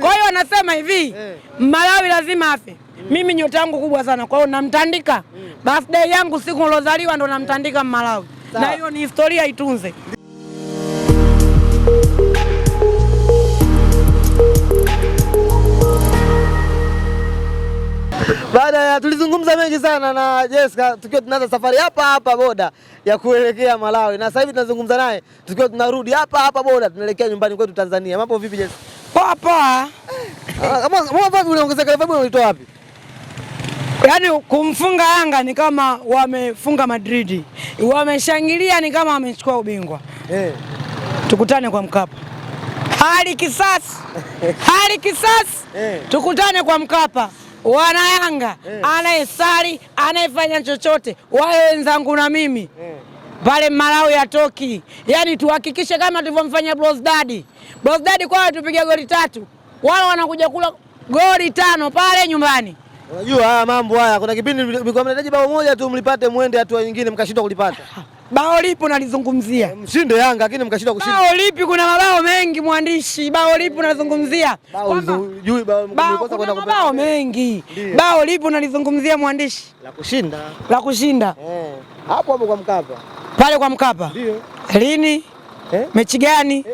Kwa hiyo anasema hivi eh, Malawi lazima afe mm. Mimi nyota yangu kubwa sana, kwa hiyo namtandika mm. Birthday yangu siku nilozaliwa ndo namtandika Mmalawi, na hiyo ni historia, itunze. Baada ya tulizungumza mengi sana na Jessica tukiwa tunaanza safari hapa hapa boda ya kuelekea Malawi, na sasa hivi tunazungumza naye tukiwa tunarudi hapa hapa boda tunaelekea nyumbani kwetu Tanzania. Mambo vipi Jessica? Poa Ulitoa wapi? Yaani kumfunga Yanga ni kama wamefunga Madrid, wameshangilia ni kama wamechukua ubingwa. Hey. Eh. Tukutane kwa Mkapa. Hali kisasi hali kisasi. Hey. Eh. Tukutane kwa Mkapa wana Yanga. Hey. Eh. Anayesali anayefanya chochote wawe wenzangu na mimi. Hey pale Malawi atoki. Yaani tuhakikishe kama tulivyomfanya Bros Dadi. Bros Dadi kwa tupiga goli tatu, wao wanakuja kula goli tano pale nyumbani. Unajua haya mambo haya, kuna kipindi mlikuwa mnahitaji bao moja tu mlipate, mwende hatua nyingine mkashindwa kulipata. Bao lipo nalizungumzia, eh, mshinde Yanga lakini mkashindwa kushinda. Bao lipi? Kuna mabao mengi mwandishi, bao lipo nalizungumzia. Bao bao juu kwenda kupata. Bao mengi, bao lipo nalizungumzia mwandishi, la kushinda la kushinda Eh. hapo hapo kwa Mkapa pale kwa Mkapa. Ndio. Lini? Eh? Mechi gani?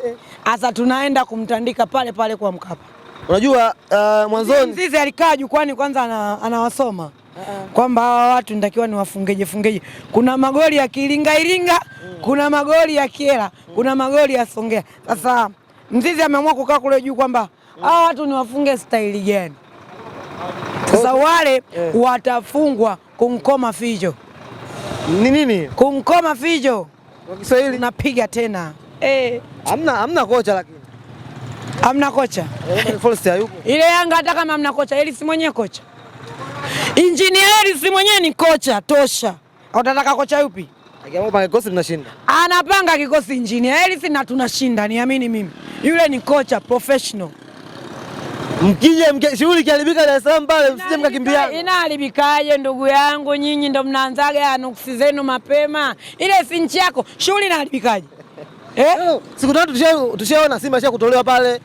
Sasa eh, eh, tunaenda kumtandika pale pale kwa Mkapa. Unajua uh, mwanzoni Mzizi alikaa jukwani kwanza anawasoma ana ah. kwamba hawa watu nitakiwa niwafungeje fungeje. Kuna magoli ya Kilinga Iringa, mm. kuna magoli ya Kiela, mm. kuna magoli ya Songea. Sasa Mzizi ameamua kukaa kule juu kwamba mm. hawa watu watu niwafunge staili gani? Sasa wale eh. watafungwa kumkoma fijo ni nini? Kumkoma fijo kwa Kiswahili napiga tena eh. Amna, amna kocha lakini amna kocha ile Yanga hata kama amna kocha, Eli si mwenyewe kocha, injinia Eli si mwenyewe ni kocha tosha. Utataka kocha yupi? Kikosi tunashinda. anapanga kikosi injinia Eli na tunashinda, niamini mimi, yule ni kocha professional. Mkije mke shughuli ikiharibika Dar es Salaam pale msije mkakimbia. Inaharibikaje ndugu yangu, nyinyi ndo mnaanzaga ya nuksi zenu mapema. Ile si nchi yako, shughuli inaharibikaje? Eh? Siku tatu tushaona Simba sha kutolewa pale.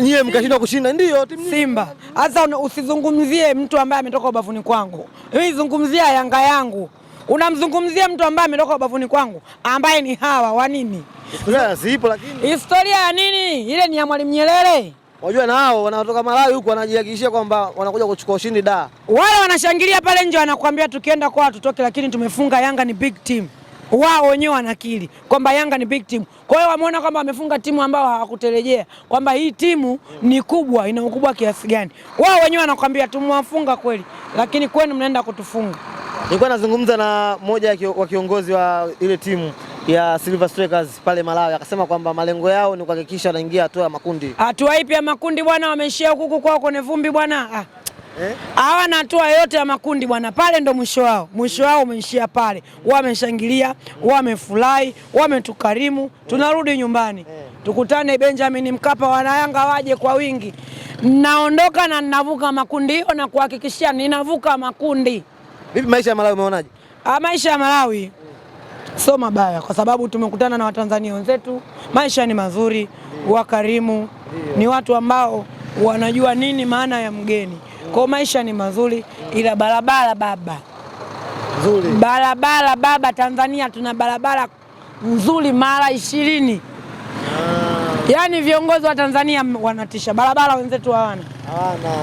Nyie mkashindwa kushinda ndio timu Simba. Sasa usizungumzie mtu ambaye ametoka ubavuni kwangu. Mimi zungumzia Yanga yangu. Unamzungumzia mtu ambaye ametoka ubavuni kwangu ambaye ni hawa wa nini? Historia zipo lakini Historia ya nini? Ile ni ya Mwalimu Nyerere wajua na hao wanatoka Malawi huko wanajihakikishia kwamba wanakuja kuchukua ushindi da. Wale wanashangilia pale nje wanakuambia tukienda kwa tutoke, lakini tumefunga Yanga ni big team. Wao wenyewe wanakiri kwamba Yanga ni big team. Kwa hiyo wameona kwamba wamefunga timu ambao hawakutarejea kwamba hii timu ni kubwa, ina ukubwa kiasi gani. Wao wenyewe wanakuambia tumewafunga kweli, lakini kwenu mnaenda kutufunga. Nilikuwa nazungumza na mmoja wa kiongozi wa ile timu ya Silver Strikers pale Malawi, akasema kwamba malengo yao ni kuhakikisha wanaingia hatua ya makundi. Hatua ipi ya makundi bwana? Wameishia huku kwao kwenye vumbi bwana ah. Eh? Hawana eh, hatua yoyote ya makundi bwana, pale ndo mwisho wao, mwisho wao umeishia pale. Wameshangilia, wamefurahi, wametukarimu, tunarudi nyumbani eh. Tukutane Benjamin Mkapa, wanayanga waje kwa wingi. Naondoka na ninavuka makundi hiyo na kuhakikishia ninavuka makundi. Vipi maisha ya Malawi umeonaje? Ah, maisha ya Malawi sio mabaya, kwa sababu tumekutana na Watanzania wenzetu, maisha ni mazuri, wakarimu, ni watu ambao wanajua nini maana ya mgeni Kwa maisha ni mazuri, ila barabara baba nzuri. Barabara baba, Tanzania tuna barabara nzuri mara ishirini. Ah. Yaani viongozi wa Tanzania wanatisha, barabara wenzetu hawana, hawana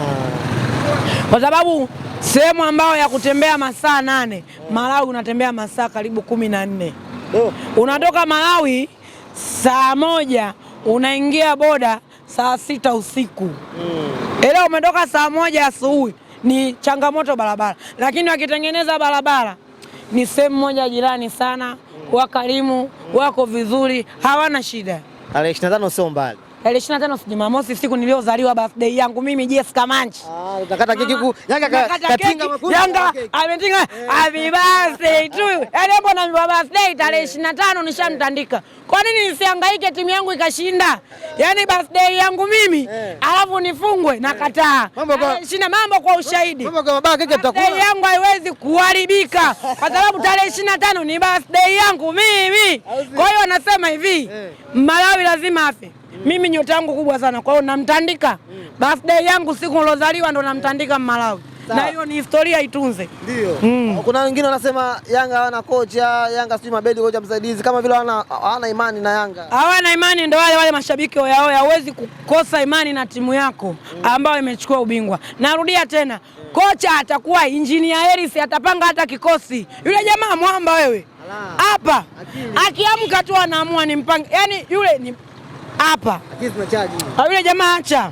kwa sababu sehemu ambayo ya kutembea masaa nane Malawi unatembea masaa karibu kumi na nne oh. unatoka Malawi saa moja unaingia boda saa sita usiku mm. Ila umetoka saa moja asubuhi, ni changamoto barabara, lakini wakitengeneza barabara ni sehemu moja jirani sana, hmm. wakarimu wako vizuri, hawana shida. Tarehe 25 sio mbali. Tarehe 25 Jumamosi siku niliyozaliwa birthday yangu mimi Jess Kamanchi. Ah, utakata keki ku. Yaani Yanga ka katinga makubwa. Yanga ametinga eh. happy birthday tu. Yaani hapo na birthday tarehe 25 eh. nishamtandika. Eh. Kwa nini nisihangaike timu yangu ikashinda? Yaani birthday yangu mimi alafu nifungwe na kataa. Shina mambo kwa ushahidi. Mambo kwa baba keki tutakula. Birthday yangu haiwezi kuharibika kwa sababu tarehe tano ni birthday yangu mimi. Kwa hiyo nasema hivi, Malawi lazima afe. Mimi nyota yangu kubwa sana, kwa hiyo namtandika mm. birthday yangu siku nilozaliwa ndo namtandika Mmalawi na hiyo ni historia itunze. Ndio. Mm. Kuna wengine wanasema Yanga hawana kocha, Yanga sijui mabedi kocha msaidizi, kama vile hawana imani na Yanga. Hawana imani, ndo wale wale mashabiki oya oya. kukosa imani na timu yako mm, ambayo imechukua ubingwa. Narudia tena mm, kocha atakuwa injinia Harris, atapanga hata kikosi. Yule jamaa mwamba wewe hapa akiamka tu anaamua nimpange, yaani yule ni hapa. Ah, yule jamaa acha,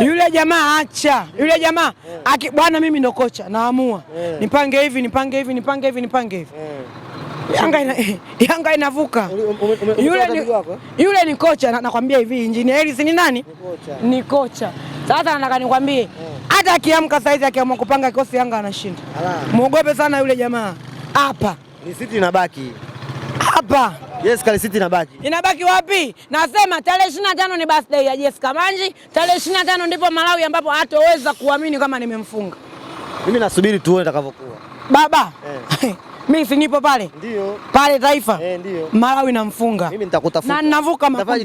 yule jamaa acha, eh. yule jamaa aki Bwana mimi ndo kocha naamua yeah. Nipange hivi nipange hivi nipange hivi nipange hivi eh. Yanga, ina, Yanga inavuka yule ni, yule ni kocha na, nakwambia hivi Engineer Hersi ni nani? Ni kocha sasa. Nataka nikwambie eh. hata yeah. Akiamka saizi akiamua kupanga kikosi Yanga anashinda. Muogope sana yule jamaa hapa. Ni siti inabaki hapa. Yes, Kali City inabaki. Inabaki wapi? Nasema tarehe 25 ni birthday ya Yes Kamanji. Tarehe 25 ndipo Malawi ambapo hatoweza kuamini kama nimemfunga. Mimi nasubiri tuone itakavyokuwa. Baba. Eh. Mimi si nipo pale. Ndio. Pale Taifa. Eh, ndio. Malawi namfunga. Mimi nitakutafuta. Na ninavuka makundi.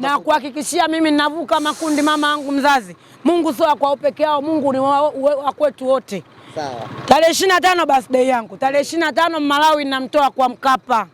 Na kuhakikishia mimi ninavuka makundi mama yangu mzazi. Mungu sio kwa upeke yao, Mungu ni wa kwetu wote. Sawa. Tarehe 25 birthday yangu. Tarehe 25 Malawi namtoa kwa Mkapa.